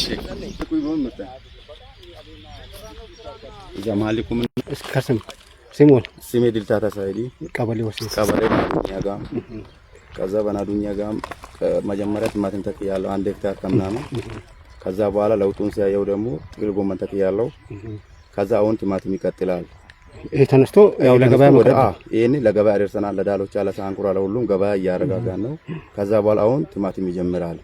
ስሜ ቀበሌ ቀበሌ ጋም ከዛ በናዱኛ ጋም መጀመሪያ ቲማቲም ተክያለሁ አንድ ሄክታር ከምናምን። ከዛ በኋላ ለውጡን ሲያየው ደግሞ ጥቅል ጎመን ተክያለሁ። ከዛ አሁን ቲማቲም ይቀጥላል። ይሄ ተነስቶ ያው ለገበያ ወደ ይሄን ለገበያ ደርሰናል። አለ ሳንኩራ ለሁሉም ገበያ እያረጋጋን ነው። ከዛ በኋላ አሁን ቲማቲም ይጀምራል።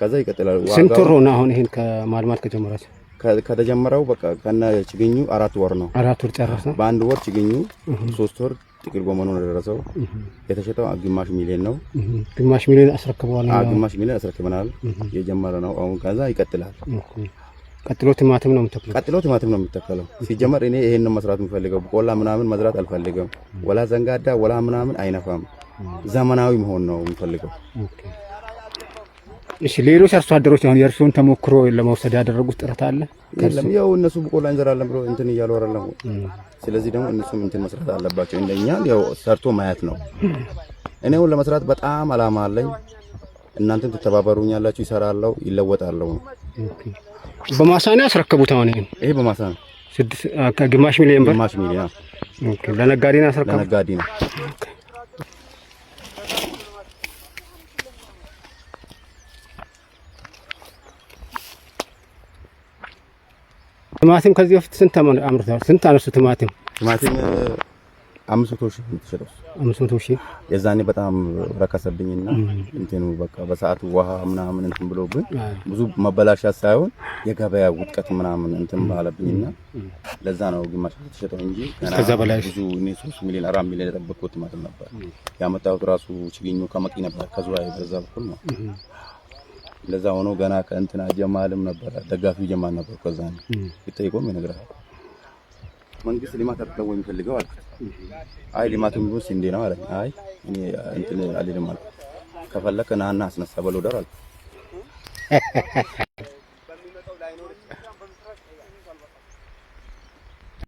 ከዛ ይቀጥላል። ስንት ወር ሆነ አሁን ይሄን ከማልማት ከጀመራችሁ? ከተጀመረው በቃ ከነ ችግኙ አራት ወር ነው። አራት ወር ጨረሰ። በአንድ ወር ችግኙ ሶስት ወር ጥቅል ጎመኑ ነው ደረሰው። የተሸጠው ግማሽ ሚሊዮን ነው። ግማሽ ሚሊዮን አስረክበዋል። ግማሽ ሚሊዮን አስረክበናል። የጀመረ ነው አሁን ከዛ ይቀጥላል። ቀጥሎ ቲማቲም ነው የምተክለው። ቀጥሎ ቲማቲም ነው የምተክለው። ሲጀመር እኔ ይሄንን መስራት የምፈልገው ቆላ ምናምን መዝራት አልፈልግም። ወላ ዘንጋዳ ወላ ምናምን አይነፋም። ዘመናዊ መሆን ነው የምፈልገው። እሺ፣ ሌሎች አርሶ አደሮች አሁን የእርሱን ተሞክሮ ለመውሰድ ያደረጉት ጥረት አለ? የለም። ያው እነሱ ቆላ እንዘራለን ብሎ እንትን እያሉ አይደለም። ስለዚህ ደግሞ እነሱም እንትን መስራት አለባቸው። እንደኛ ያው ሰርቶ ማየት ነው። እኔው ለመስራት በጣም አላማ አለኝ። እናንተም ትተባበሩኛላችሁ፣ ይሰራለሁ፣ ይለወጣለሁ በማሳኔ አስረከቡት። አሁን ይሄን ይሄ በማሳ ነው። ስድስት ከግማሽ ሚሊዮን ብር ግማሽ ሚሊዮን ኦኬ። ለነጋዴ ነው አስረከቡት። ለነጋዴ ነው። ኦኬ ቲማቲም ከዚህ በፊት ስንት አምርተዋል? ስንት አነሱ ቲማቲም ቲማቲም አምስት መቶ ሺህ የምትሸጠው አምስት መቶ ሺህ የዛኔ በጣም ረከሰብኝና እንትኑ በቃ በሰዓቱ ውሃ ምናምን እንትን ብሎብን ብዙ መበላሻ ሳይሆን የገበያ ውድቀት ምናምን እንትን ባለብኝና ለዛ ነው ግማሽ ተሸጠው እንጂ ከዛ በላይ ብዙ እኔ ሶስት ሚሊዮን አራት ሚሊዮን የጠበቅኩት ነበር። ያመጣሁት ራሱ ከመቂ ነበር በዛ በኩል ነው። ሆኖ ገና ከእንትና ጀማልም ነበረ ደጋፊ ጀማል ነበር። ከዛ ነው ይጠይቆም ይነግራል መንግስት ልማት አድርገው የሚፈልገው አልኩት። አይ ልማቱ ቢሆን ስንዴ ነው አለኝ። አይ እኔ እንትን አልልም አልኩት። ከፈለክ ናና አስነሳ በለው አልኩት።